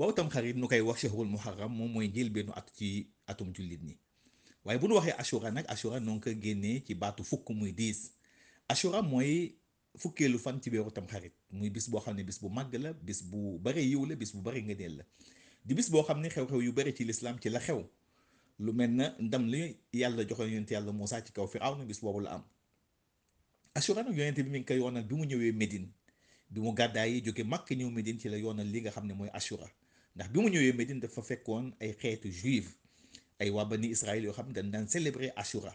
waaw tamxarit nu koy wax shahrul muharram moom mooy njëlbeenu at ci atum jullit ñi waaye bu ñu waxee assura nag assura noo génnee ci baatu fukk muy diis ashura mooy fukkeelu fan ci weeru tamxarit muy bis boo xam ne bis bu màgg la bis bu bare yiw la bis bu bare ngëneel la di boo xam ne xew-xew yu bare ci lislaam ci la xew lu mel na ndam li yàlla joxoon yonent yàlla Muusaa ci kaw Firawna bis boobu la am ashura nag yonent bi mi ngi koy yoonal bi mu ñëwee Médine bi mu gàddaay yi jóge makk ñëw Médine ci la yoonal li nga xam ne mooy assura ndax bi mu ñëwee Médine dafa fekkoon ay xeetu juif ay waa ni Israël yoo xam ne dañ daan célébrer Ashura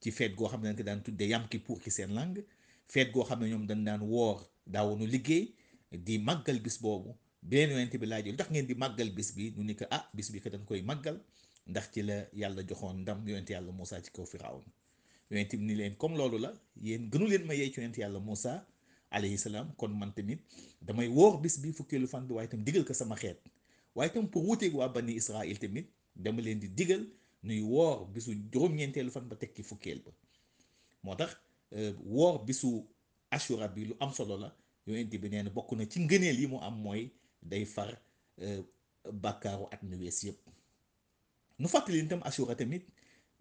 ci feet goo xam ne dañ daan daan tuddee Yom pour ki seen langue fête goo xam ne ñoom dañ daan woor daawoonu liggéey di màggal bis boobu beneen yonent bi laajee lu tax ngeen di màggal bis bi ñu ni ko ah bis bi ko dañ koy màggal ndax ci la yàlla joxoon ndam yonent yàlla Moussa ci kaw Firawna yonent bi ni leen comme loolu la yéen gënu leen ma yee ci yonent yàlla Moussa alayhi salaam kon man tamit damay woor bis bi fukkeelu fan waaye itam digal ko sama xeet waaye tam pour wuuteeg waa bani Israël tamit dama leen di diggal nuy woor bisu juróom-ñeenteelu fan ba tekki fukkeel ba moo tax euh, woor bisu ashura bi lu am solo la yonent bi nee na bokk na ci ngëneel yi mu am mooy day far euh, bàkkaaru at mi wees yëpp nu fàttali itam assura tamit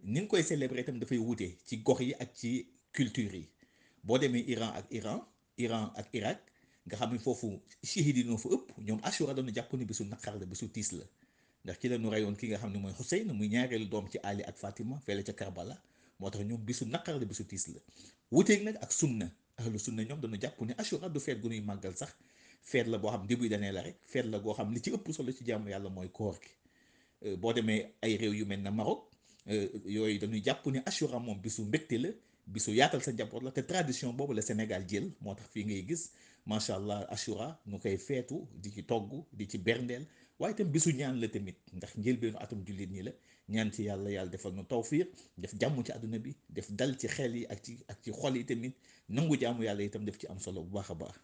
ni nga koy célébrer itam dafay wute ci gox yi ak ci culture yi boo demee Iran ak Iran Iran ak Irak nga xam ne foofu chahid yi ñoo fa ëpp ñoom Ashura doon jàpp ni bésu naqar la bésu tiis la ndax ci la ñu reyoon ki nga xam ne mooy Xuseyn muy ñaareelu doom ci Ali ak Fatima fële ca Karbala moo tax ñoom bésu naqar la bésu tiis la wuteeg nag ak sunna ahlu sunna ñoom dañu jàpp ne Ashura du feet gu ñuy màggal sax feet la boo xam début d'année la rek feet la goo xam li ci ëpp solo ci jàmm yàlla mooy koor gi euh, boo demee ay réew yu mel na Maroc euh, yooyu dañuy jàpp ne Ashura moom bésu mbégte la bisu yaatal sa njaboot la te tradition boobu la Sénégal jël moo tax fii ngay gis macha allah ashura nu koy feetu di ci togg di ci berndeel waaye itam bisu ñaan la tamit ndax njël njëlbeenu atum jullit ñi la ñaan ci yàlla yàlla defal nu tawfiq def jàmm ci àdduna bi def dal ci xel yi ak ci ak ci xol yi tamit nangu jaamu yàlla itam def ci am solo bu baax a baax.